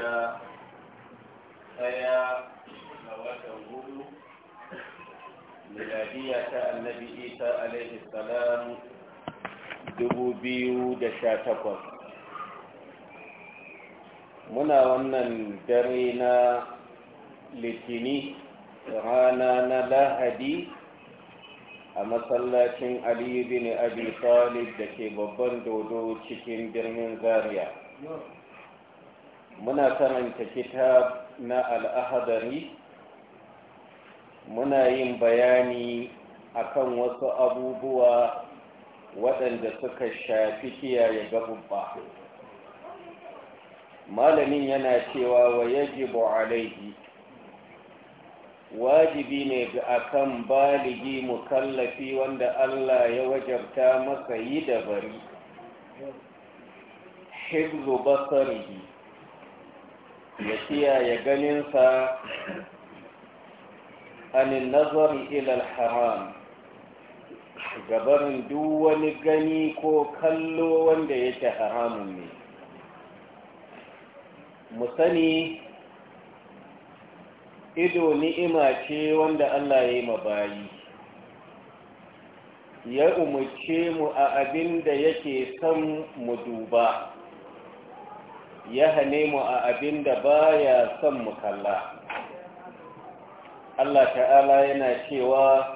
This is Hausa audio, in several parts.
da ɗaya a watan hudu miladiya ta annabi isa alaihi salam dubu biyu da sha takwas muna wannan dare na litini rana na lahadi a masallacin aliyu bin abi talib da ke babban dodo cikin birnin zaria muna karanta kitab na al'ahadari muna yin bayani akan wasu abubuwa waɗanda suka shafi kiyaye gabubba malamin yana cewa wa yajibu alaihi wajibi ne ga akan baligi mukallafi wanda Allah ya wajabta masa yi da bari hibzu basarihi ya kiyaye ganinsa anin nazar ilal haram gabarin duk wani gani ko kallo wanda yake haramun ne mu sani ido ni'ima ce wanda allah ya yi ma bayi. ya umarce mu a abin da yake son mu duba ya hane mu a abin da baya son mu kalla Allah ta'ala yana cewa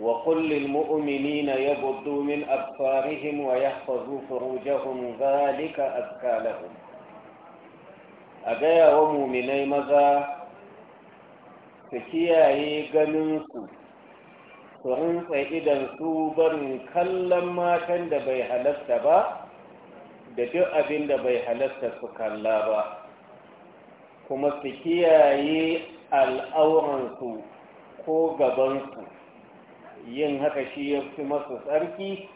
wa kullil mu'minina yaghuddu min absarihim wa yahfazu furujahum zalika azka a gaya wa muminai maza su kiyaye ganinsu su rinsa idan su barin kallon matan da bai halatta ba da duk abin da bai halatta su kalla ba kuma su kiyaye al'auransu ko gabansu yin haka shi ya fi masu tsarki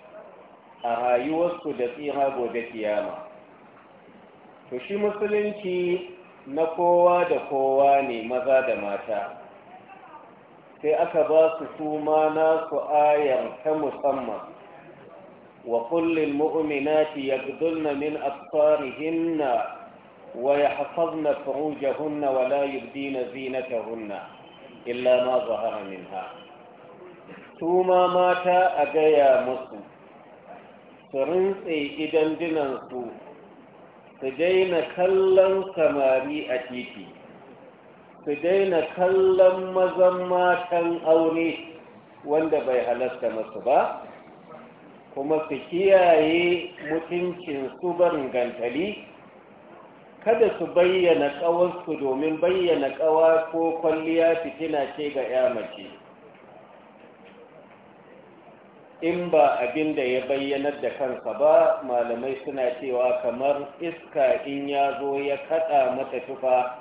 a rayuwarsu da tsira gobe kiyama to shi musulunci na kowa da kowa ne maza da mata sai aka ba su suma nasu ayar ta musamman وقل للمؤمنات يغضن من أبصارهن ويحفظن فروجهن ولا يبدين زينتهن إلا ما ظهر منها ثم مات أجيا مسلم سرنسي إذا دننسو su daina kallon samari a titi su daina kallon mazan matan aure wanda bai halasta masu ba kuma su kiyaye mutuncin su barin gantali kada su bayyana ƙawarsu domin bayyana ƙawa ko kwalliya fitina ce ga ya mace in ba abin da ya bayyanar da kansa ba malamai suna cewa kamar iska in ya zo ya kaɗa mata tufa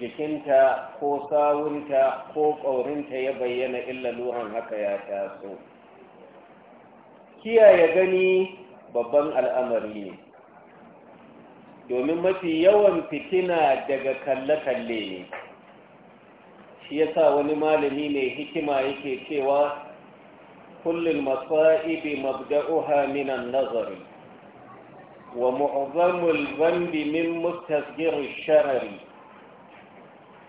jikinta ko sawunta ko ƙaurinta ya bayyana illa illaluhan haka ya taso kiyaye gani babban al'amari ne domin mafi yawan fitina daga kalle-kalle ne shi yasa wani malami mai hikima yake cewa kullum masa'ibi mabda'uha minan nazari wa mu'azzamul zambi min mustasgirin sharari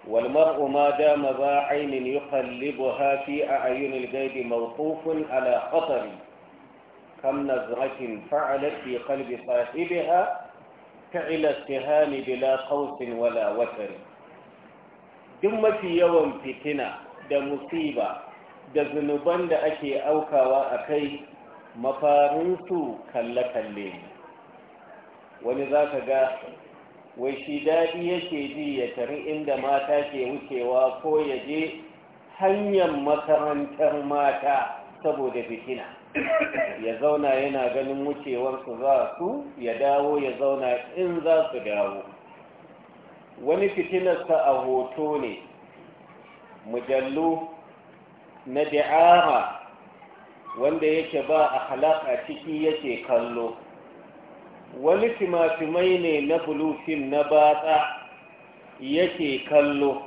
والمرء ما دام ذا عين يقلبها في أعين الغيب موقوف على خطر كم نزرة فعلت في قلب صاحبها فعل السهام بلا قوس ولا وتر دمة يوم فتنة da musiba da zunuban da ake aukawa a kai mafarinsu kalle-kalle wani za ka ga wai shi daɗi yake ji ya tari inda mata ke wucewa ko ya je hanyar makarantar mata saboda fitina ya zauna yana ganin wucewarsu za su ya dawo ya zauna in za su dawo wani fitinarsa a hoto ne mujallu na da'ama wanda yake ba a halaka ciki yake kallo wani timafimai ne na bulufin na batsa yake kallo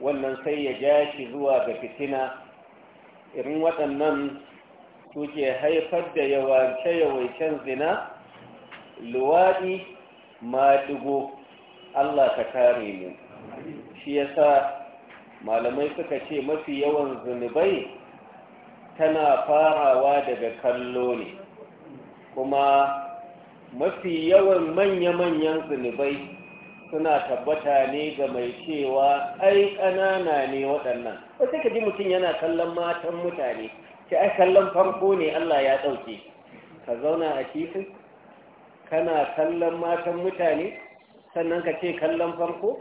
wannan sai ya ja shi zuwa ga fitina irin waɗannan su ke haifar da yawace yawancen zina luwaɗi maɗigo Allah ka kare mu shi yasa malamai suka ce mafi yawan zunubai tana farawa daga kallo ne kuma mafi yawan manya-manyan zunubai suna tabbata ne ga mai cewa ai ƙanana ne waɗannan wasu ka ji mutum yana kallon matan mutane ce ai kallon farko ne Allah ya ɗauke ka zauna a titin kana kallon matan mutane sannan ka ce kallon farko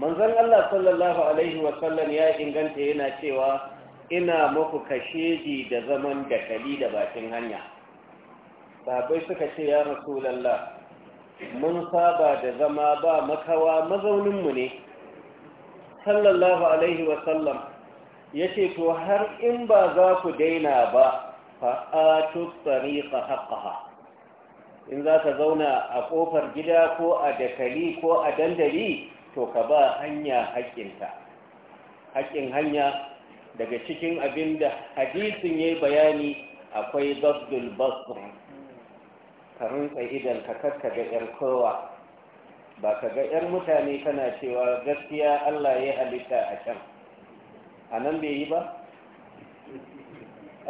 manzon Allah sallallahu alaihi wasallam ya inganta yana cewa ina muku kasheji da zaman da kali da bakin hanya babai suka ce ya lalla. mun saba da zama ba makawa mazauninmu ne sallallahu alaihi wasallam ya ce to har in ba za ku daina ba fa'atu tsariƙa haƙaha in za ka zauna a ƙofar gida ko a dakali ko a dandali to ka ba hanya haƙƙinta haƙƙin hanya daga cikin abin da hadisin ya bayani akwai zabdul basir ka rinsa idan ka kakka ga 'yar kowa ba ka ga 'yar mutane kana cewa gaskiya allah ya halitta a can a nan bai yi ba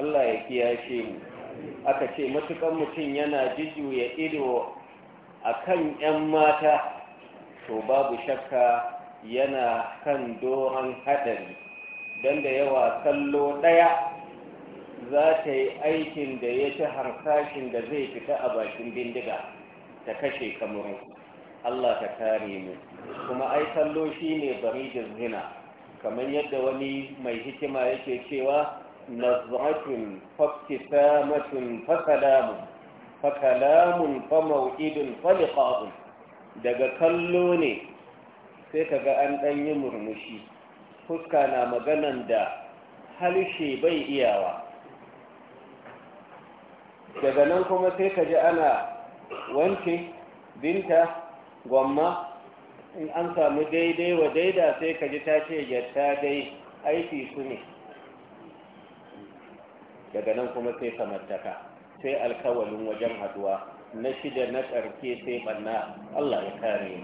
Allah ya kiyashe mu aka ce matukan mutum yana jujjuya ido a kan 'yan mata to babu shakka yana kan doron hadari don da yawa kallo ɗaya za ta yi aikin da ya ci harsashin da zai fita a bakin bindiga ta kashe kamurin Allah ta kare mu kuma ai kallo shi ne barijin zina kamar yadda wani mai hikima yake cewa nazratun faftisamatun fa fakalamun famau'idun faliqa'un daga kallo ne sai kaga an ɗan yi murmushi fuska na maganan da harshe bai iyawa daga nan kuma sai ka ji ana wanke, binta gwamma in an samu daidai wa daida sai ka ji ta ce yarta dai aiki su ne daga nan kuma sai samartaka sai alkawalin wajen haduwa na shida na ƙarfe sai banna Allah ya kare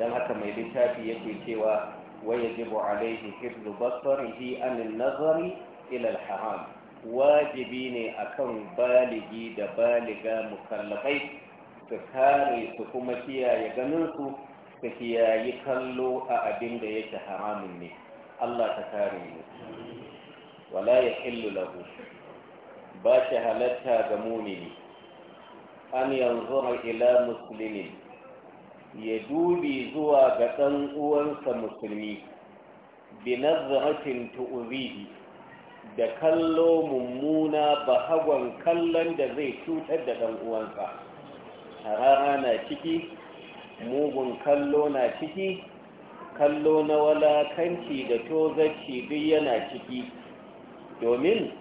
don haka mai littafi yake cewa ويجب عليه حفظ Ilal عن النظر wajibi ne akan baligi da baliga mukallafai su kare su kuma kiyaye ganinsu su kiyayi kallo a abin da yake haramun ne Allah ta kare mu wala ya illu lahu ba shi halatta ga mumini an yanzu ila musulmin ya dubi zuwa ga ɗan uwansa musulmi binazratin tu'uzihi da kallo mummuna bahagon kallon da zai cutar da ɗan uwansa Harara na ciki mugun kallo na ciki kallo na walakanci da tozarci duk yana ciki domin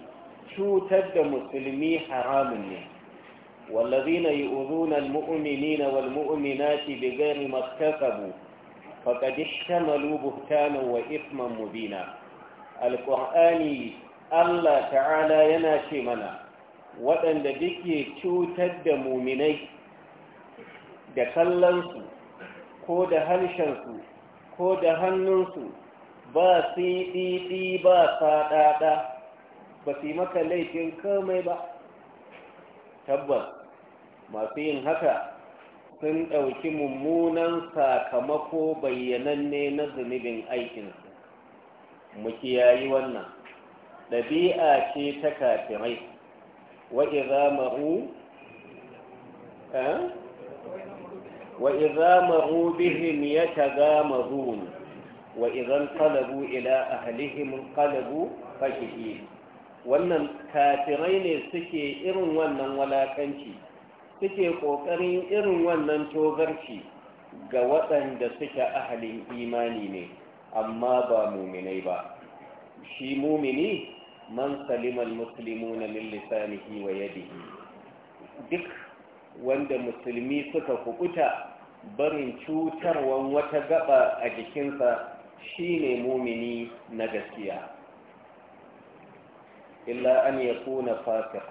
cutar da musulmi haramun ne wallazina yu'zuna almu'minina walmu'minati bighayri maktasabu faqad ishtamalu buhtana wa ithman mubina alqur'ani Allah ta'ala yana ce mana waɗanda duke cutar da muminai da kallonsu ko da harshensu ko da hannunsu ba su siɗiɗi ba ɗaɗa ba su yi maka laifin kamai ba tabbas masu yin haka sun ɗauki mummunan sakamako bayyananne na zunubin aikinsu mu kiyayi wannan ɗabi'a ce ta kafirai wa'iza ma'u eh? وإذا مروا بهم يتغامرون وإذا انقلبوا إلى أهلهم انقلبوا فكهين wannan kafirai ne suke irin wannan walakanci suke ƙoƙarin irin wannan togarci ga waɗanda suke ahalin imani ne amma ba muminai ba shi mumini man salimal muslimu na min wa yadihi duk wanda musulmi suka kukuta barin cutarwan wata gaba a jikinsa shine mumini na gaskiya illa an ya kuna fasika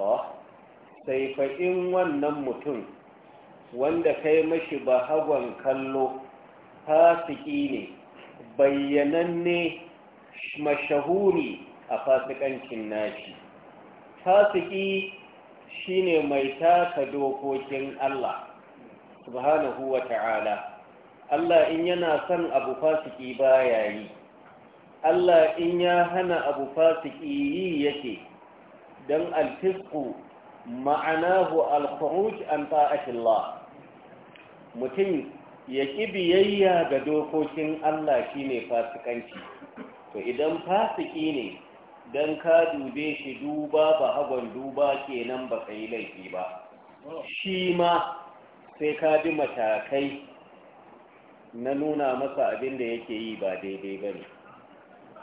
sai fa'in wannan mutum wanda kai mashi ba hagon kallo fasiki ne bayyananne mashahuri a fasikancin nashi fasiki shine mai taka dokokin Allah subhanahu wa ta'ala Allah in yana son abu fasiki ba ya yi Allah in ya hana abu fasiki yi yake don alfisku ma'anahu alkhuruj an ta'atillah mutum ya ƙi biyayya ga dokokin Allah shine fasikanci to idan fasiki ne don ka dube shi duba ba hagon duba kenan ba ka yi laifi ba shi ma sai ka bi matakai na nuna masa abin da yake yi ba daidai ba ne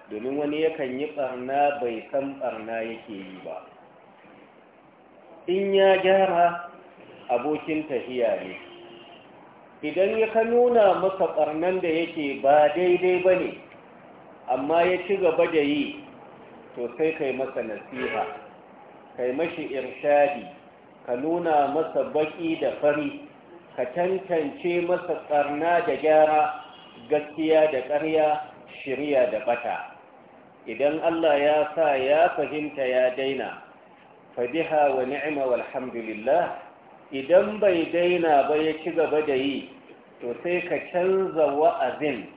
domin wani yakan yi barna bai san barna yake yi ba in ya gyara abokin tahiya ne idan ya ka nuna masa barnan da yake ba daidai ba ne amma ya ci gaba da yi to sai kai masa nasiha kai mashi irshadi ka nuna masa baki da fari ka tantance masa karna da gyara gaskiya da ƙarya shirya da bata idan Allah ya sa ya fahimta ya daina fadiha wa ni'ima walhamdulillah idan bai daina ba ya ci gaba da yi to sai ka canza wa'azin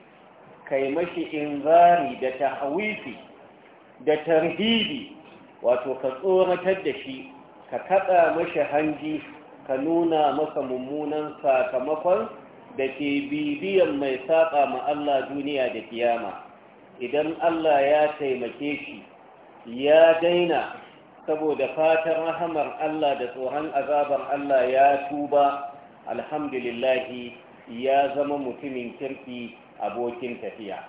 kai mashi inzari da tahwifi da tarhibi wato ka tsoratar da shi ka kaɗa mashi hanji ka nuna masa mummunan sakamakon da ke bibiyan mai saƙa ma Allah duniya da kiyama idan Allah ya taimake shi ya daina saboda fatan rahamar Allah da tsoron azabar Allah ya tuba alhamdulillahi ya zama mutumin kirki abokin tafiya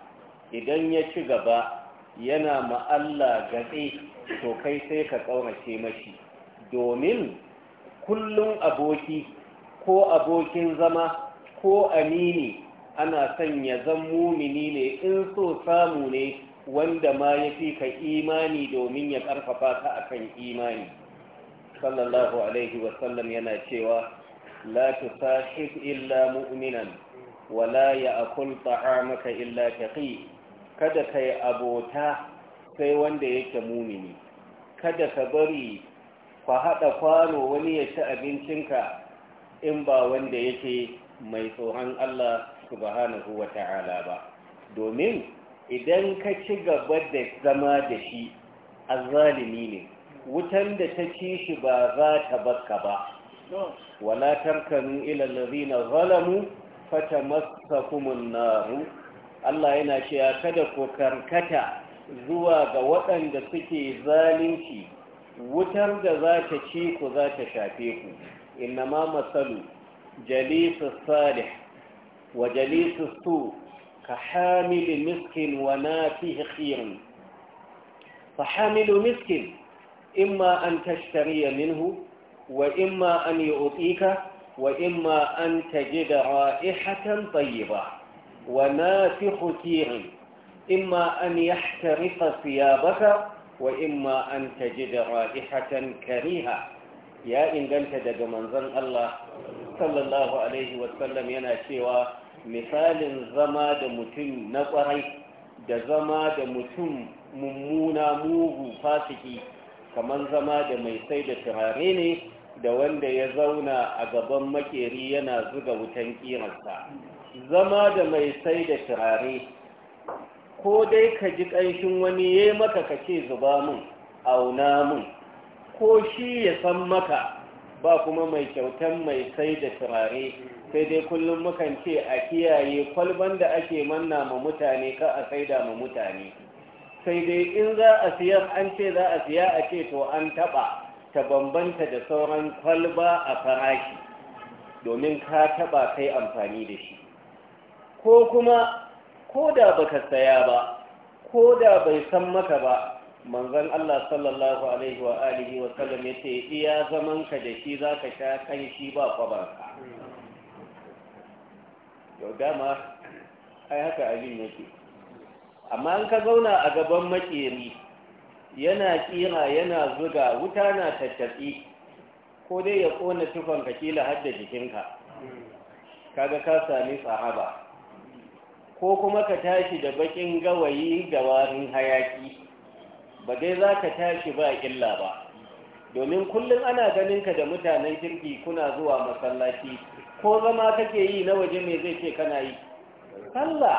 idan ya ci gaba yana ma'alla gatse to kai sai ka ƙaunace mashi domin kullum aboki ko abokin zama ko amini ana sanya zan mumini ne in so samu ne wanda ma ya fi ka imani domin ya ƙarfafa ka akan imani sallallahu alaihi wasallam yana cewa la tusahib illa mu'minan wala ya akul ta'amaka illa taqi kada ka yi abota sai wanda yake mumini kada ka bari ka haɗa kwano wani ya ci abincinka in ba wanda yake mai tsoron Allah subhanahu wa ta'ala ba domin idan ka ci gaba da zama da shi zalimi ne wutan da ta ci shi ba za ta baka ba wala tarkanu ila allazina zalamu fatamassakumun naru Allah yana cewa kada ku karkata zuwa ga waɗanda suke zalunci wutar da za ta ci ku za ta shafe ku innama masalu jalisu salih wa jalisu su ka hamili miskin wa na fi khirin fa hamilu miskin imma an tashtariya minhu wa imma an yi wa imma an tajida ra'ihatan ba. ونافخ تيغ إما أن يحترق ثيابك وإما أن تجد رائحة كريهة يا إن قلت دق منظر الله صلى الله عليه وسلم ينا شوى مثال زما دمتم نقري دزما دمتم ممونا موغو فاسكي kamar zama da mai sai da turare ne da wanda ya zauna a gaban makeri yana zuga wutan kirarsa zama da mai sai da turare ko dai ka ji ƙanshin wani ya maka ka ce zuba mun auna mun ko shi ya san maka ba kuma mai kyautan mai sai da turare sai dai kullum mukan ce a kiyaye kwalban da ake manna ma mutane ka a saida ma mutane sai dai in za a siya an ce za a siya a ce to an taɓa ta bambanta da sauran kwalba a farashi domin ka taɓa kai amfani da shi ko kuma ko da baka saya ba ko da bai san maka ba manzan Allah sallallahu alaihi wa alihi wa sallam ce iya zaman ka da shi za ka sha kanshi ba kwabarka yau dama ai haka abin yake amma in ka zauna a gaban makeri yana kira yana zuga wuta na tattaɓi ko dai ya ƙona tufan kila hadda jikinka kaga ka sami tsahaba ko kuma ka tashi da bakin gawayi ga warin hayaki ba dai za ka tashi ba illa ba domin kullum ana ganin ka da mutanen kirki kuna zuwa masallaci ko zama kake yi na waje mai zai ce kana yi sallah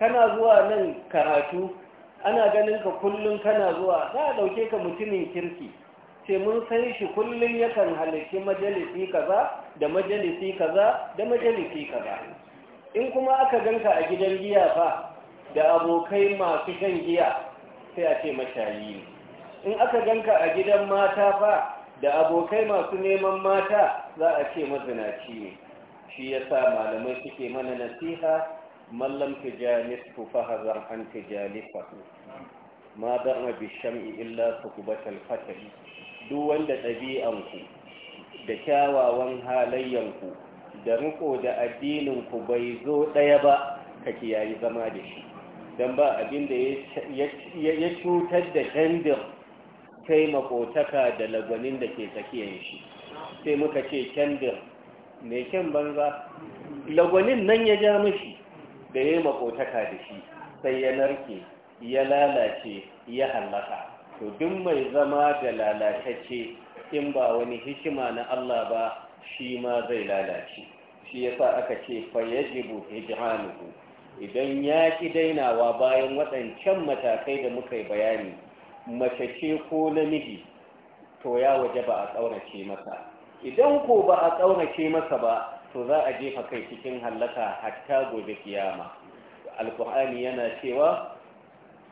kana zuwa nan karatu ana ganin ka kullum kana zuwa za a ɗauke ka mutumin kirki ce mun san shi kullum yakan halarci majalisi kaza da majalisi kaza da majalisi kaza in kuma aka ganka a gidan giya fa da abokai masu shan giya sai a ce mashayi ne in aka ganka a gidan mata fa da abokai masu neman mata za a ce mazinaci ne shi ya sa malamai suke mana nasiha mallam tijanis ku fahazar an tijalifahu ma darma bi sham'i illa sukubatal fatali duk wanda ɗabi'anku da kyawawan halayyanku da riko da addinin ku bai zo ɗaya ba ka kiyayi zama da shi don ba abin da ya cutar da kendir kai makotaka da lagwanin da ke tsakiyar shi sai muka ce kendir mai kyan banza lagwanin nan ya ja mashi da ya yi makotaka da shi sai ya narke ya lalace ya hallaka to duk mai zama da lalatacce in ba wani hikima na Allah ba shi ma zai lalace shi yasa aka ce fa yajibu hijranuhu idan ya ki dainawa bayan waɗancan matakai da muka yi bayani mace ce ko namiji to ya waje ba a ƙaunace masa idan ko ba a ƙaunace masa ba to za a jefa kai cikin hallaka hatta gobe kiyama alkur'ani yana cewa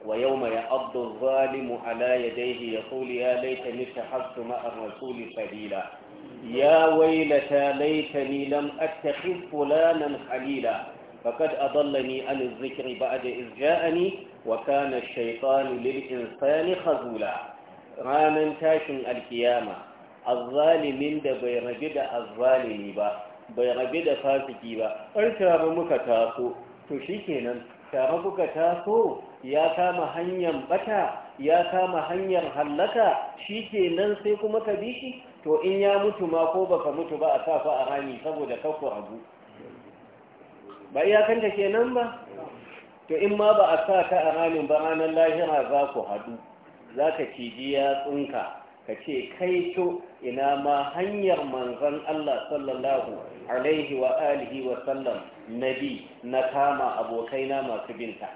wa yau mai abdul zalimu ala ya daihi ya kuli ya laita nita hasu ma'ar rasuli sabila ya wailata laitani lam attakhidh fulanan khalila faqad adallani an adh-dhikri ba'da idh ja'ani wa kana ash-shaytanu lil insani khazula ranan takin alkiyama. qiyama da bai rabi da adh ba bai rabi da fasiki ba karkara muka taso to shikenan tare muka taso ya kama hanyar ɓata! ya kama hanyar hallaka shikenan sai kuma ka bi to in ya mutu ma ko baka mutu ba a safa a rami saboda kakko abu ba iyakanta nan ba to in ma ba a sa ka a ramin ba ranar lahira za ku haɗu za ka ciji yatsunka ka ce kai to ina ma hanyar manzan Allah sallallahu alaihi wa alihi wa sallam nabi na kama abokaina masu binta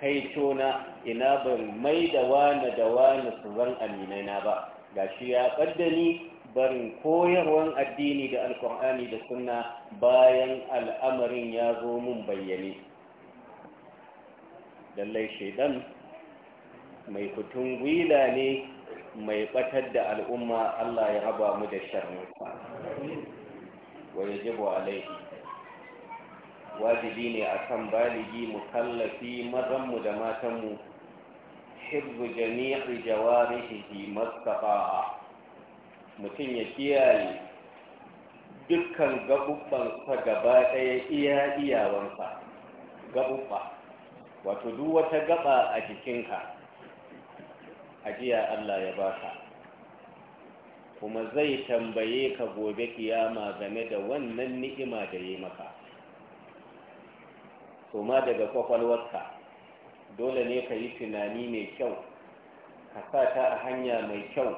kai to na ina ban mai da wani da wani su zan aminai ba gashi ya ɓaddani barin koyarwan addini da Alƙur'ani da sunna bayan al'amarin ya zo mun bayyane lallai shaidan mai fitun gwila ne mai ɓatar da al'umma allah ya raba mu da sharnuka wa ya jibo alaihi wajibi ne akan baligi kallafi mazanmu da matanmu hibbu jami'i jawarihi mastafa mutum ya kiyaye dukkan gaɓuɓɓansa gaba ɗaya iya iyawansa gaɓuɓɓa wato duk wata gaɓa a jikinka ajiya Allah ya baka kuma zai tambaye ka gobe kiyama game da wannan ni'ima da yi maka kuma daga kwakwalwarka dole ne ka yi tunani mai kyau ka sa ta a hanya mai kyau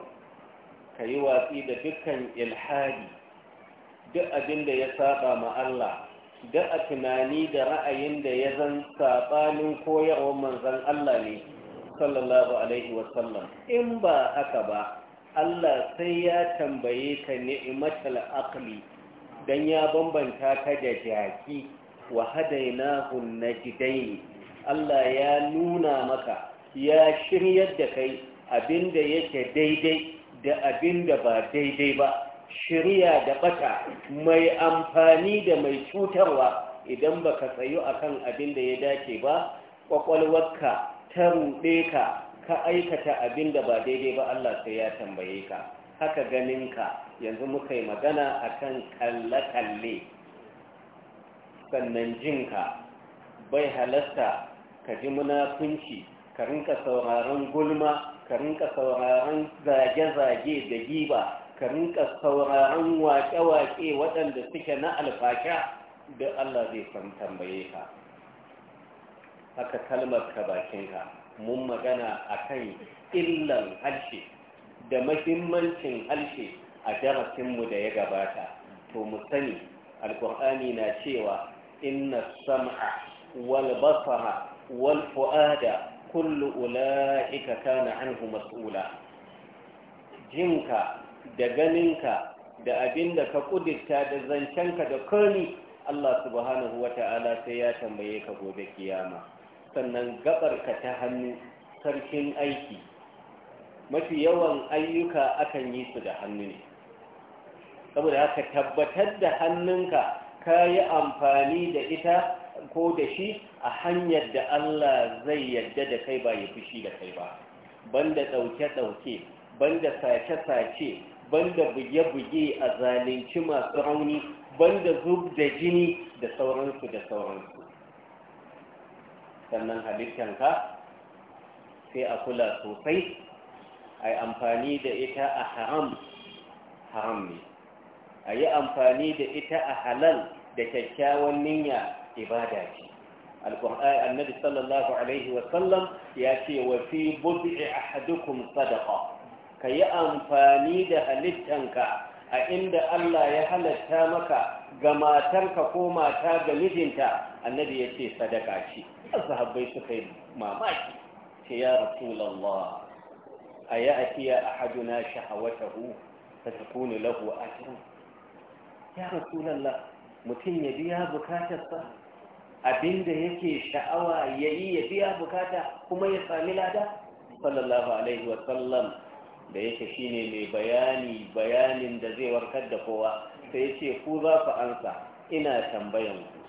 ka yi watsi da dukkan ilhadi duk abin da ya saba ma Allah duk a tunani da ra'ayin da ya zan saɓanin koyarwar manzan Allah ne sallallahu alaihi wasallam in ba haka ba Allah sai ya tambaye ka ni'imatul aqli dan ya bambanta ka da jaki wa hadainahu najdain Allah ya nuna maka ya shiryar da kai abinda yake daidai da abinda ba daidai ba shirya da bata mai amfani da mai cutarwa idan ba baka tsayu akan abinda ya dace ba kwakwalwarka ta ruɗe ka ka aikata abinda ba daidai ba Allah sai ya tambaye ka haka ganinka yanzu muka yi magana a kan kalle-kalle sannan jinka bai halasta ka ji munafunci ka rinka sauraron gulma ka rinka sauraron zage-zage da giba ka rinka sauraron wake-wake waɗanda suke na alfasha da Allah zai san tambaye ka haka kalmar ka bakinka mun magana a kan illan harshe da mahimmancin harshe a darasinmu da ya gabata to mu sani alkur'ani na cewa inna sam'a wal basara walfu'ada kullu أولئك kana anhu mas'ula jinka da ganinka da abinda ka kudirta da zancenka da kani Allah subhanahu wata'ala ta'ala sai ya tambaye ka gobe kiyama sannan gabarka ta hannu sarkin aiki mafi yawan ayyuka akan yi su da hannu ne saboda haka tabbatar da hannunka ka yi amfani da ita ko da shi a hanyar da Allah zai yarda da kai ba ya fushi da kai ba banda ɗauke-ɗauke banda sace-sace banda buge-buge a zalunci masu rauni banda zub da jini da sauransu da sauransu sannan halittanka sai a kula sosai a yi amfani da ita a haram haram ne a yi amfani da ita a halal da kyakkyawan niyya ibada ce annabi sallallahu alaihi wasallam ya ce wa fi bud'i ahadukum sadaqa yi amfani da halittanka a inda Allah ya halatta maka ga matarka ko mata ga mijinta annabi ya ce sadaka ce sahabbai suka yi mamaki ce ya rasulallah a yi a a hajjuna shahawatahu ta takuni lahu a ya rasulallah mutum ya biya bukatarsa abinda yake sha'awa ya yi ya biya bukata kuma ya sami lada sallallahu alaihi wasallam da yake shine mai bayani bayanin da zai warkar da kowa sai ce ku za ku ansa ina tambayan ku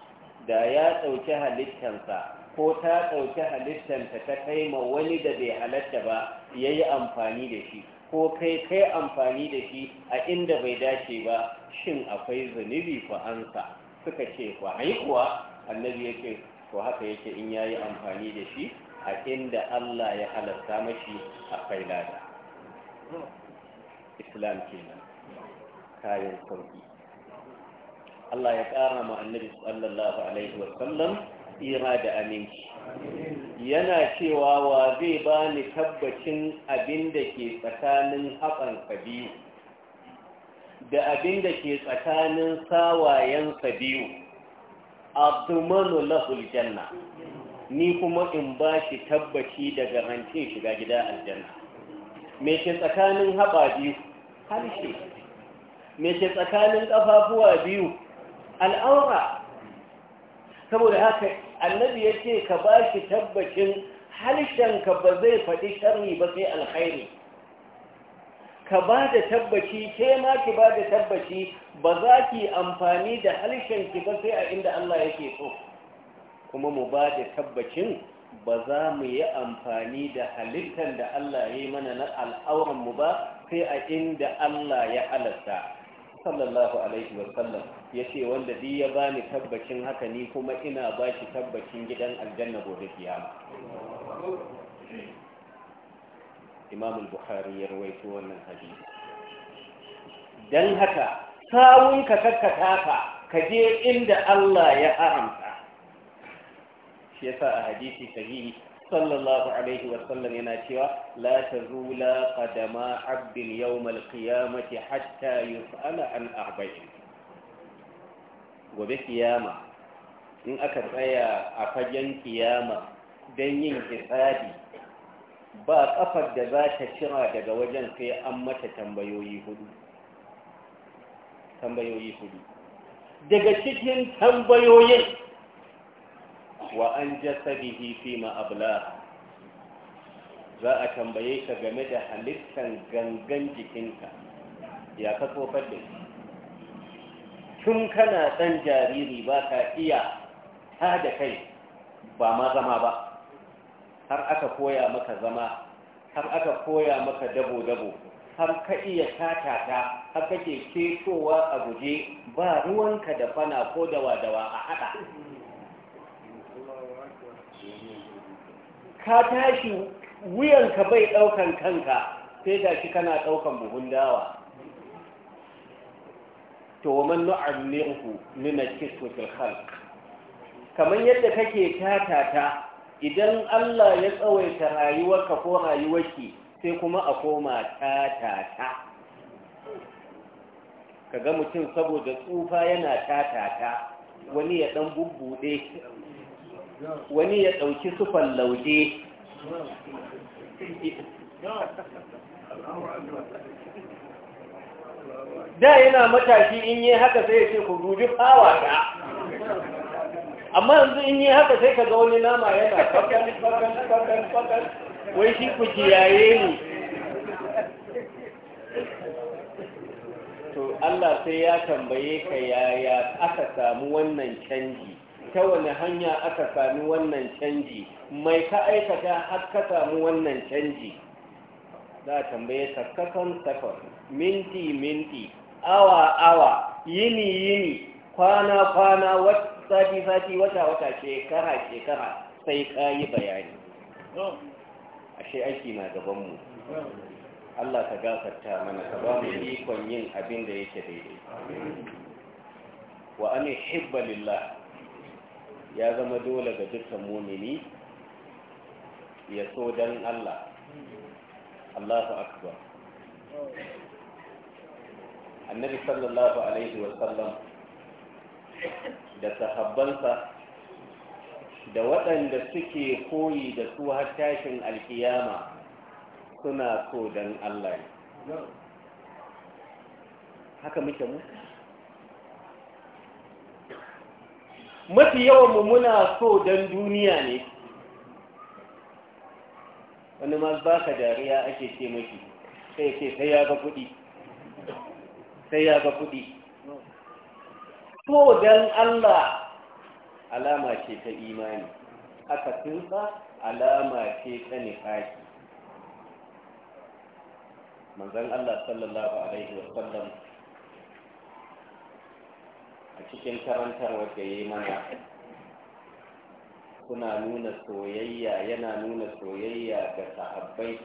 da ya ɗauki halittansa ko ta ɗauki halittanta ta kai ma wani da bai halatta ba ya yi amfani da shi ko kai kai amfani da shi a inda bai dace ba shin akwai zunubi ku ansa suka ce ku haikuwa annabi yake ko haka yake in yayi amfani da shi a inda Allah ya halatta mashi akwai lada islam kenan kayan sauki Allah ya ƙara ma annabi sallallahu alaihi sallam tsira da aminci yana cewa wa zai ba ni tabbacin abin da ke tsakanin haɓansa biyu da abin da ke tsakanin sawayensa biyu abdumanu lahul janna ni kuma in ba shi tabbaci da garantin shiga gida aljanna me ke tsakanin haɓa biyu harshe me ke tsakanin ƙafafuwa biyu al'aura saboda haka annabi ya ce ka ba shi tabbacin ka ba zai faɗi sharri ba sai alkhairi ka ba da tabbaci ke ma ki ba da tabbaci ba za ki amfani da ki ba sai a inda Allah yake so kuma mu ba da tabbacin ba za mu yi amfani da halittar da Allah ya yi mana na al'auranmu ba sai a inda Allah ya halatta sallallahu alaihi wasallam ya ce wanda duk ya bani tabbacin haka ni kuma ina ba shi tabbacin gidan aljanna gobe kiyama imam bukhari ya rawaito wannan hadisi dan haka sawun ka kakkata ka ka je inda Allah ya haramta shi yasa a hadisi sahihi sallallahu alaihi wasallam yana cewa la tazula qadama abdin yawmal qiyamati hatta yus'ala an arba'in gobe kiyama in aka tsaya a fagen kiyama don yin hisabi ba kafar da za ta cira daga wajen sai an mata tambayoyi hudu tambayoyi hudu daga cikin tambayoyin wa an jasadihi fima abla za a tambaye ka game da halittan gangan jikinka ya ka tsofar tun kana ɗan jariri ba ka iya ta da kai ba ma zama ba har aka koya maka zama har aka koya maka dabo-dabo har ka iya ta har kake ketowa a guje ba ruwanka da fana ko dawa-dawa a haɗa ka tashi wuyanka bai ɗaukan kanka sai ga shi kana ɗaukan buhun dawa to wa man nu'allihu min al-kiswatil khalq kaman yadda kake tatata idan Allah ya tsawaita rayuwarka ko rayuwarki sai kuma a koma tatata kaga mutum saboda tsufa yana tatata wani ya dan bubbude wani ya ɗauki sufan lauje da yana matashi in yi haka sai ya ce ku guji fawa ta amma yanzu in yi haka sai ka ga wani nama yana fakan fakan fakan fakan wai shi ku kiyaye ni to Allah sai ya tambaye ka yaya aka samu wannan canji ta wani hanya aka sami wannan canji mai ka aikata har ka samu wannan canji za a tambaye kasan sakon minti minti awa awa yini yini kwana kwana sati sati wata wata shekara shekara sai ka yi bayani ashe aiki na gabanmu Allah ka gafarta mana ka ba mu ikon yin abin da yake daidai wa an hibba lillah ya zama dole ga dukkan mumini ya so dan Allah Allahu akbar annabi sallallahu alaihi wasallam da sahabbansa da waɗanda suke koyi da su har tashin alkiyama suna so dan Allah haka muke mu mafi yawanmu muna so don duniya ne wani ma ba ka dariya ake ce mafi sai ce sai ya ga kuɗi sai ya ga kuɗi so don Allah alama ce ta imani aka tunsa alama ce ta nifaki manzan Allah sallallahu Alaihi wasallam a cikin karantar da ya yi mana suna nuna soyayya yana nuna soyayya ga sahabbai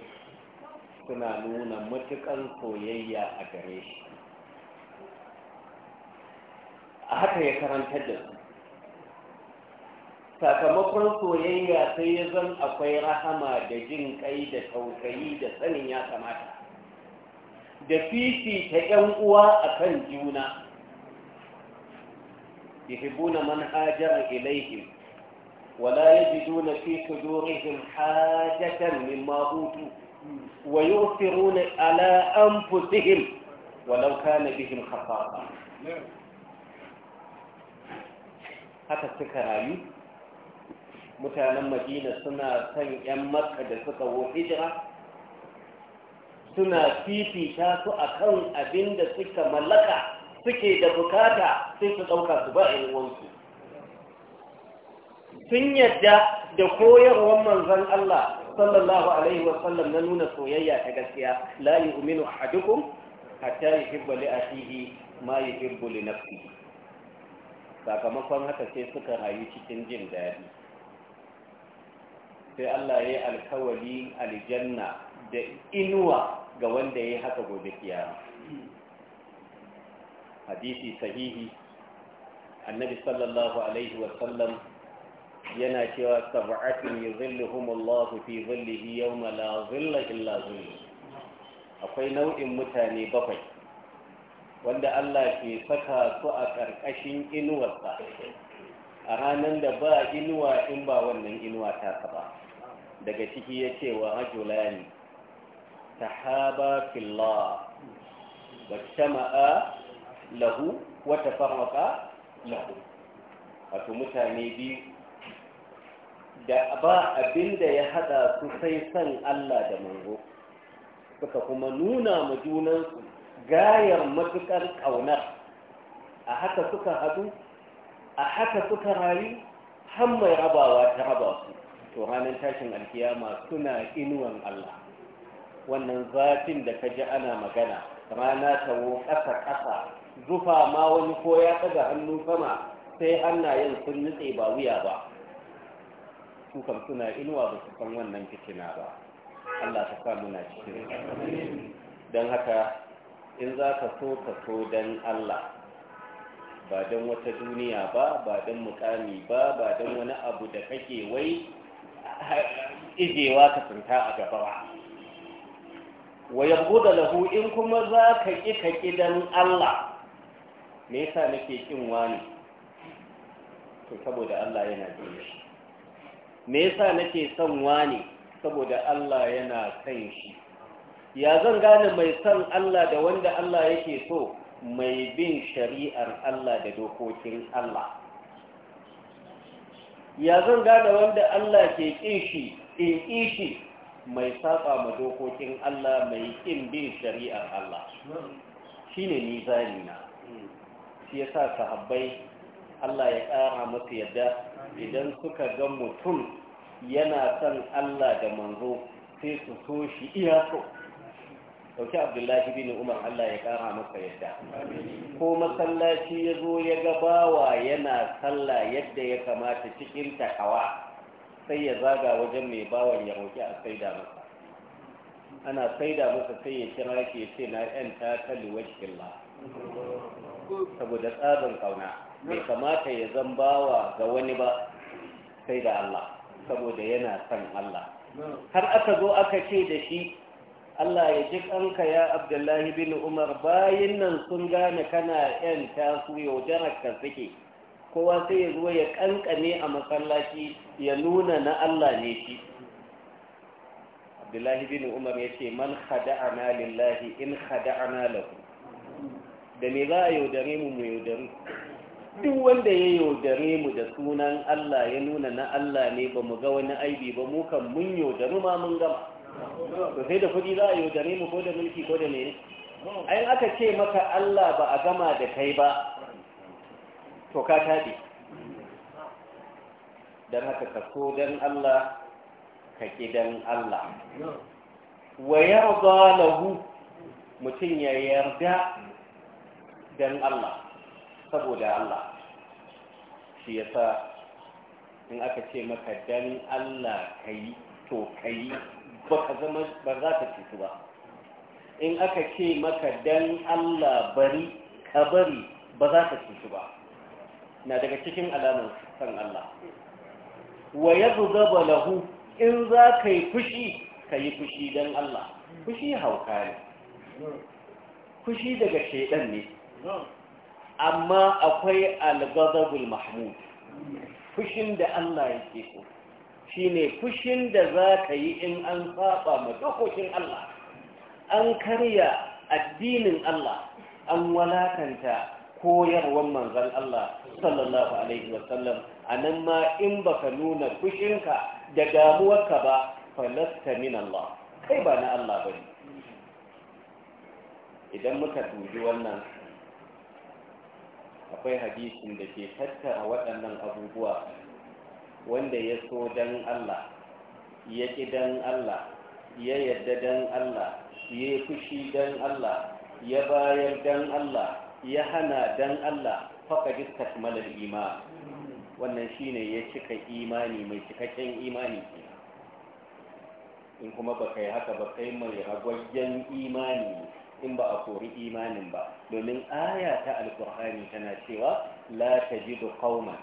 suna nuna matuƙar soyayya a gare shi a haka ya karanta da su sakamakon soyayya sai ya zan akwai rahama da jin kai da tausayi da tsanin ya kamata da fifita 'yan uwa a kan juna يحبون من هاجر إليهم ولا يجدون في صدورهم حاجة مما أوتوا ويؤثرون على أنفسهم ولو كان بهم خطاطا haka suka rayu mutanen madina suna son 'yan makka da suka wo hijira suna fifita su akan abin da suka mallaka suke da bukata sai su ɗauka su ba ‘yan uwansu sun yadda da koyarwar manzon Allah sallallahu alaihi wasallam na nuna soyayya ta gaskiya a dukun, a hatta yuhibba a akhihi ma yuhibbu na nafsihi sakamakon haka sai suka rayu cikin jin daɗi sai Allah ya yi alkawari aljanna da inuwa ga wanda ya yi haka gobe kiyama hadisi sahihi annabi sallallahu alaihi wasallam yana cewa sab'atun yuzilluhum Allah fi zillihi yawma la zilla illa zillu akwai nau'in mutane bakwai wanda Allah ke saka su a ƙarƙashin inuwarsa a ranar da ba inuwa in ba wannan inuwa ta ba daga ciki ya ce wa rajulani tahaba fillah wa ma'a. lahu wa tafarraqa lahu wato mutane biyu da ba abinda ya hada su sai san Allah da mango suka kuma nuna ma junansu gayar matukar ƙaunar a haka suka hadu a haka suka rayu har mai rabawa ta raba su to ranar tashin alkiyama suna inuwan Allah wannan zafin da ka ji ana magana rana ta wo ƙasa ƙasa zufa ma wani ko ya ɗaga hannu sama sai hannayen sun nutse ba wuya ba su suna inuwa ba su san wannan fitina ba Allah ta sa muna cikin don haka in za ka so ka so don Allah ba don wata duniya ba ba don mukami ba ba don wani abu da kake wai ijewa ka tsinta a gaba ba wa da lahu in kuma za ka ƙi ka ƙi don Allah me yasa nake kin wani to saboda Allah yana jin shi me yasa nake son wani saboda Allah yana kan shi ya zan gane mai son Allah da wanda Allah yake so mai bin shari'ar Allah da dokokin Allah ya zan gane wanda Allah ke kin shi in kishi, shi mai saba ma dokokin Allah mai kin bin shari'ar Allah shine zani na shi ya sa sahabbai Allah ya ƙara masa yadda idan suka ga mutum yana son Allah da manzo sai su so shi iya so dauki abdullahi bin umar Allah ya ƙara masa yadda ko masallaci ya zo ya ga bawa yana sallah yadda ya kamata cikin takawa sai ya zaga wajen mai bawan ya roƙi a saida masa ana saida masa sai ya kira ke ce na 'yan takali wajen Allah saboda tsarin kauna bai kamata ya zan bawa ga wani ba sai da Allah saboda yana son Allah har aka zo aka ce da shi Allah ya ji kanka ya Abdullahi bin Umar bayin nan sun gane kana yan tasu yaudarar ka suke kowa sai ya zo ya kankane a masallaci ya nuna na Allah ne shi Abdullahi bin Umar ya ce man khada'ana lillahi in khada'ana lahu da me za a yaudare mu mu yaudare duk wanda ya yaudare mu da sunan Allah ya nuna na Allah ne ba mu ga wani aibi ba mu kan mun yaudare ma mun gama to sai da kuɗi za a yaudare mu ko da mulki ko da mene ai aka ce maka Allah ba a gama da kai ba to ka taɗe don haka ka so dan Allah ka ƙi dan Allah wa yarda lahu mutum ya yarda dan Allah saboda Allah shi yasa in aka ce maka dan Allah yi to yi ba ka zama ba za ka cutu ba in aka ce maka dan Allah bari ka bari ba za ka cutu ba na daga cikin alamar san Allah wa ya yadhaba lahu in za ka yi fushi ka yi fushi dan Allah fushi hauka ne fushi daga shaidan ne amma akwai al mahmud fushin da Allah yake ku. shine fushin da zaka yi in an saba ma dokokin Allah an karya addinin Allah an walakanta koyarwar manzon Allah sallallahu alaihi wasallam a nan ma in baka nuna fushinka da ka ba falasta min Allah kai ba na Allah bane idan muka duji wannan akwai hadisin da ke tattara waɗannan abubuwa wanda ya so dan Allah ya ƙi dan Allah ya yarda dan Allah ya yi fushi dan Allah ya bayar dan Allah ya hana dan Allah faka diskat malar iman wannan shi ne ya cika imani mai cikakken imani in kuma ba kai haka ba kai mai ragwajen imani in ba a kori imanin ba domin aya ta alkur'ani tana cewa la tajidu qauman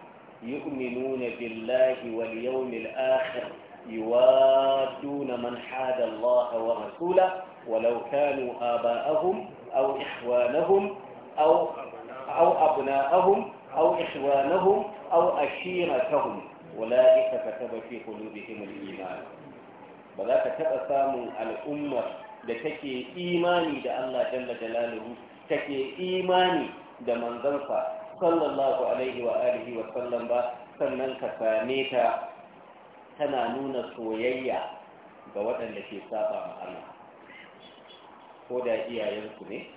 yu'minuna billahi wal yawmil akhir يوادون من حاد الله ورسوله ولو كانوا آباءهم أو إخوانهم أو أو أبناءهم أو إخوانهم أو أشيرتهم أولئك كتب في قلوبهم الإيمان بذلك تبقى سامو الأمة da take imani da Allah jalla jalaluhu kake imani da manzansa sallallahu alaihi wa alihi wa sallam ba sannan ka same ta tana nuna soyayya ga waɗanda ke saba ma Allah ko da iyayensu ne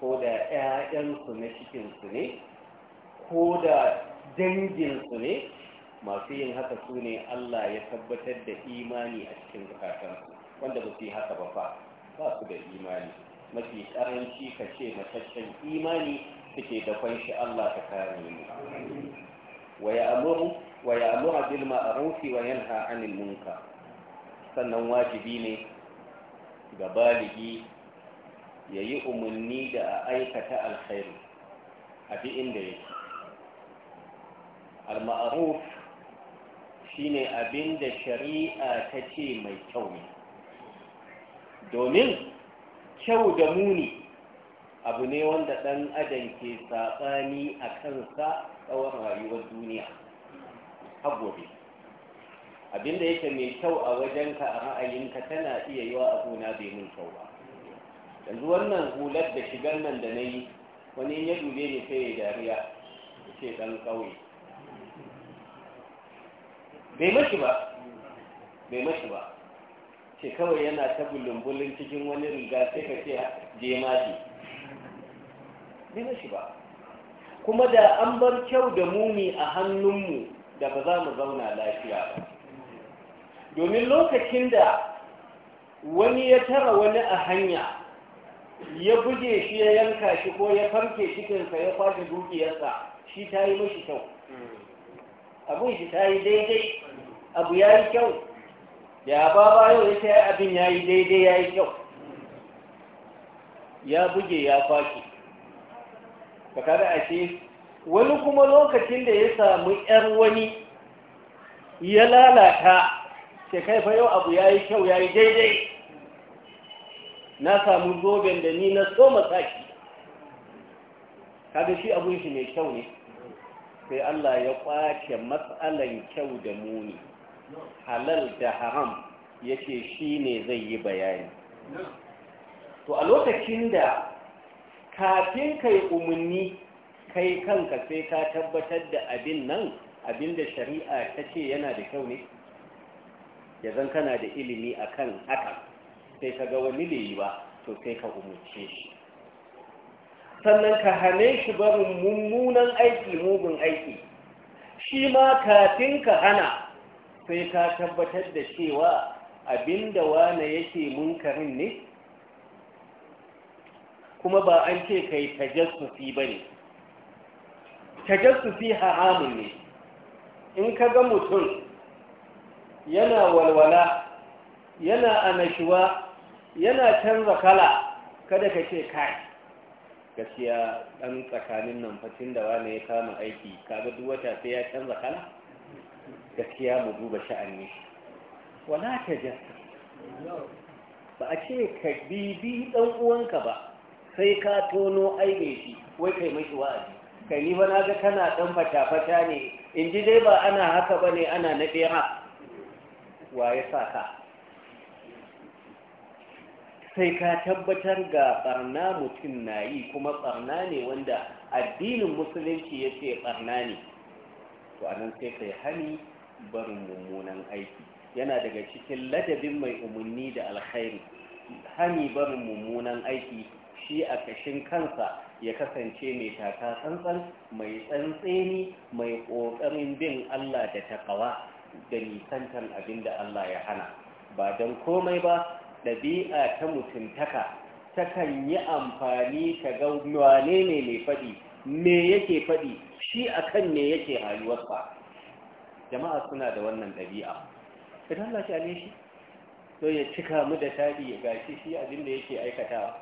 ko da ƴaƴansu na cikinsu ne ko da danginsu ne masu yin haka su ne Allah ya tabbatar da imani a cikin zukatansu wanda ba su yi haka ba fa ba su da imani mafi karanci ka ce mataccen imani suke da kwanshi Allah ta kare mu wa ya'muru wa ya'muru bil ma'ruf wa yanha 'anil munkar sannan wajibi ne ga baligi yayi umarni da a aikata alkhairi a bi inda yake al-ma'ruf shine abin da shari'a ta ce mai kyau ne domin kyau da muni abu ne wanda ɗan adam ke saɓani a kansa tsawon rayuwar duniya har abinda yake mai kyau a wajenka a ra'ayinka tana iya yiwa a abuna bai mun kyau ba yanzu wannan hular da shigar nan da na yi wani ya dube ne sai ya dariya ce ɗan ƙauye bai mashi ba bai mashi ba ce kawai yana ta bulumbulin cikin wani riga sai ka ce shi ba kuma da an bar kyau da muni a hannunmu da ba za mu zauna lafiya ba domin lokacin da wani ya tara wani a hanya ya buge shi ya yanka shi ko ya farke cikinsa ya kwashe dukiyarsa shi ta yi mashi kyau hmm. abin shi ta yi daidai abu ya yi kyau da baba yau ita ya abin ya yi daidai ya yi kyau ya buge ya kwaki, ba kada ashe wani kuma lokacin da ya samu ‘yar wani ya lalata kai kaifa yau abu ya yi kyau ya yi daidai na samu zoben da ni na tsoma saki kada shi abun shi mai kyau ne sai Allah ya kwace matsalan kyau da muni halal da haram yake shi ne zai yi bayani to a lokacin da kafin kai umarni kai kanka sai ka tabbatar da abin nan abin da shari'a ta ce yana da kyau ne ya zan kana da ilimi a kan haka sai ka ga wani da yi ba to sai ka umarce shi sannan ka hane shi barin mummunan aiki mugun aiki shi ma kafin ka hana sai ka tabbatar da cewa abinda wane yake munkarin ne kuma ba an ce kai tajassusi ba ne tajassusi haramun ne in ka ga mutum yana walwala yana anashuwa yana canza kala kada ka ce kai siya ɗan tsakanin nan fatin da wane ya kama aiki kaga duk wata sai ya canza kala gaskiya mu duba sha'ani wala ta jasta ba a ce ka bibi dan uwanka ba sai ka tono aibe shi wai kai mai wa'azi kai ni ba na ga kana dan fata-fata ne in ji dai ba ana haka ba ne ana na ɗera wa ya sa ka sai ka tabbatar ga barna mutum na yi kuma barna ne wanda addinin musulunci ya ce barna ne to anan sai kai hani barin mummunan aiki yana daga cikin ladabin mai umarni da alkhairi hani barin mummunan aiki shi a kashin kansa ya kasance mai taka tsantsan mai tsantseni mai ƙoƙarin bin Allah da takawa da nisantar abinda Allah ya hana ba don komai ba ɗabi'a ta mutuntaka kan yi amfani ta ga ne mai faɗi me yake faɗi shi akan me yake rayuwar rayuwarsa jama'a suna da wannan ɗabi'a idan Allah shi ne shi to ya cika mu da tadi ya gashi shi abin da yake aikata,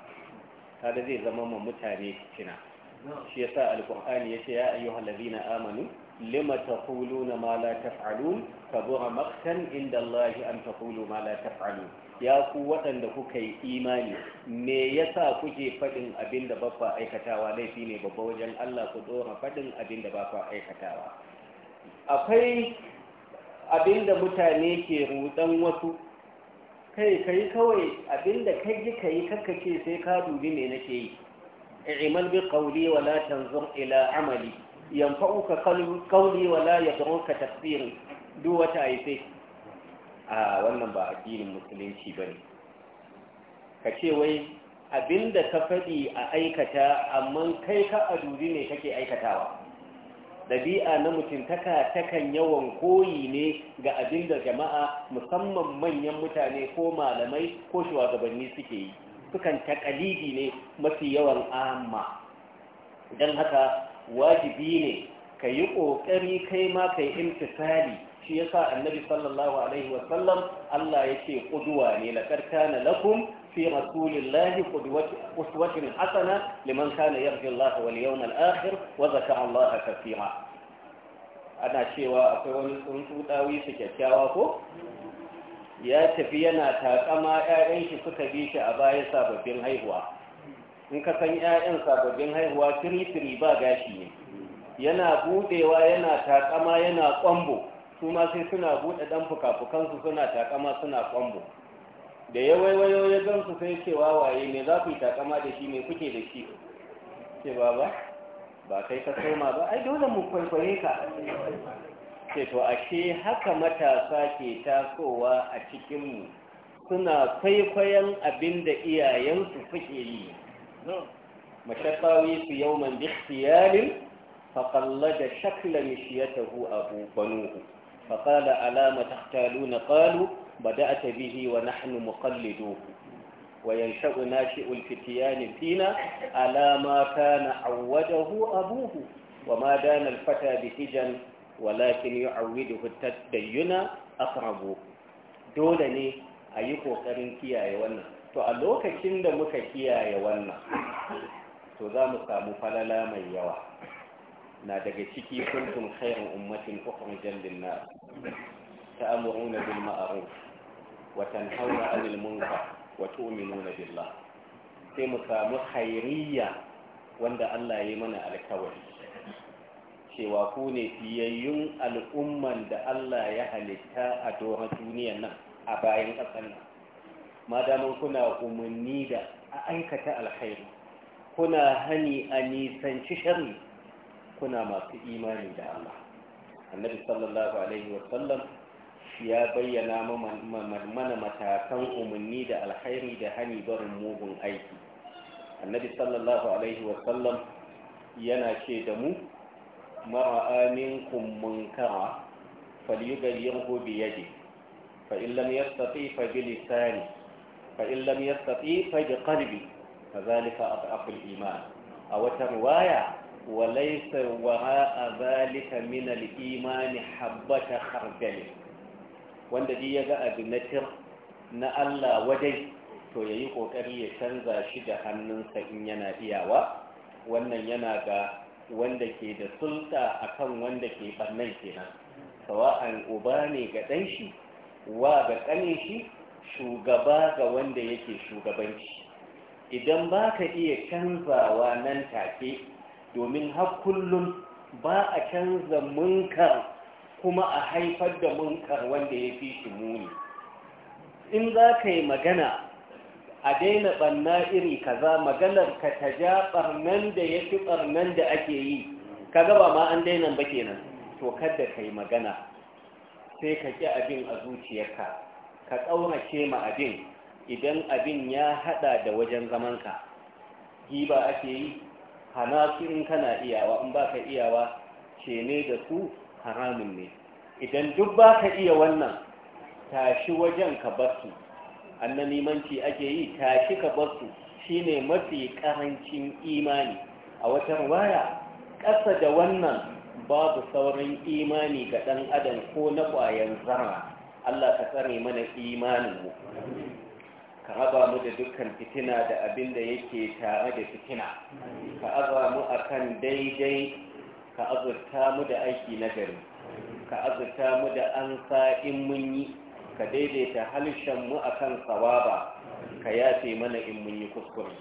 kada zai zama mu mutane kina shi yasa ya yace ya ayyuhal ladina amanu lima taquluna ma la taf'alun kabura maqtan inda Allah an taqulu ma la taf'alun ya ku waɗanda kuka yi imani me yasa kuke faɗin abin da ba aikatawa laifi ne babba wajen Allah ku tsora faɗin abin da ba aikatawa akwai abin da mutane ke rutsan wasu kai kai kawai abin da ka ji kakka ce sai ka dubi me nake yi i'mal bi qawli wa la tanzur ila amali yanfa'uka qawli wa la yadurruka tafsirin. Du wata yi sai a wannan ba addinin musulunci ba ne ka ce wai abinda ka faɗi a aikata amma kai ka aduri ne kake aikatawa ɗabi'a na mutuntaka kan yawan koyi ne ga abinda jama'a musamman manyan mutane ko malamai ko shugabanni suke yi sukan takalidi ne mafi yawan amma don haka wajibi ne ka yi ƙoƙari kai ma ka yi imtisali shi yasa annabi sallallahu alaihi wasallam Allah ce kuduwa ne laqad kana lakum fi rasulillahi qudwatun hasana liman kana yarju Allah wal yawmal akhir wa zakara Allah kaseera ana cewa akwai wani tsuntsu dawi su kyakkyawa ko ya tafi yana takama ƴaƴan shi suka bi shi a baya sababbin haihuwa in ka san ƴaƴan sababbin haihuwa tiri tiri ba gashi ne yana budewa yana takama yana kwambo su ma sai suna buɗe ɗan fuka-fukansu suna takama suna kwambo da ya waiwayo ya gansu sai cewa waye ne za ku yi takama da shi me kuke da shi ce baba ba kai ka soma ba ai dole mu kwaikwaye ka ce to ashe haka matasa ke tasowa a cikinmu suna kwaikwayon abin da iyayensu suke yi mashaƙawi su yau man bi siyarin faƙalla da shakla hu abu banuhu فقال ألا ما تختالون قالوا بدأت به ونحن مقلدوه وينشأ ناشئ الفتيان فينا ألا ما كان عوده أبوه وما دان الفتى بهجا ولكن يعوده التدين أقربه دولني أيكو قرن كياي ونا to a lokacin da muka kiyaye wannan to za mu samu falala mai yawa na daga ciki kuntum khairu ummatin ukhrijal lin-nas ta'muruna bil ma'ruf wa tanhauna 'anil munkar wa tu'minuna billah sai mu samu khairiyya wanda Allah ya mana alkawari cewa ku ne fiyayyun al'umman da Allah ya halitta a doron duniyan nan a bayan ƙasar nan madaman kuna umarni da a aikata alkhairi kuna hani a nisanci shari'a kuna masu imani da Allah annabi sallallahu alaihi wasallam ya bayyana mana matakan umarni da alkhairi da hani barin mugun aiki annabi sallallahu alaihi wasallam yana ce da mu mara aminku munkara falyughayyirhu bi yadi fa in lam yastati fa bi lisani fa in lam iman a wata ruwaya. وليس وراء ذلك من الإيمان حبة خردل wanda dai ya ga na Allah wadai to yayi yi ƙoƙari ya canza shi da hannunsa in yana iyawa wannan yana ga wanda ke da sulta akan wanda ke ɓannan kenan sawa'an uba ne ga ɗan shi wa ga ƙanin shi shugaba ga wanda yake shugabanci idan baka iya canzawa nan take domin har kullum ba a canza munkar kuma a haifar da munkar wanda ya fi shi muni in za ka yi magana a daina ɓanna iri kaza maganar ka ta ja ɓarnan da ya fi ɓarnan da ake yi ka gaba ma an daina ba kenan to kada ka yi magana sai ka ƙi abin a zuciyarka ka ƙaunace ma abin idan abin ya haɗa da wajen zamanka giba ake yi hana in kana iyawa in baka iyawa ce ne da su haramun ne idan duk baka iya wannan tashi wajen ka basu annan limanci ake yi tashi ka bar su shine mafi karancin imani a wata waya ƙasa da wannan babu saurin imani ga ɗan adam ko na ƙwayar zara Allah ka tsare mana imaninmu ka raba mu da dukkan fitina da abin da yake tare da fitina ka aza mu akan daidai ka azurta mu da aiki gari ka azurta mu da an in mun yi ka daidaita halishan mu akan sawaba ka yafe mana in mun yi kuskure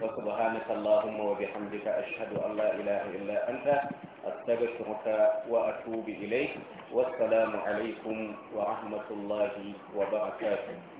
wa subhanaka allahumma wa bihamdika ashhadu an la ilaha illa anta astaghfiruka wa atubu ilayk wassalamu alaikum wa rahmatullahi wa barakatuh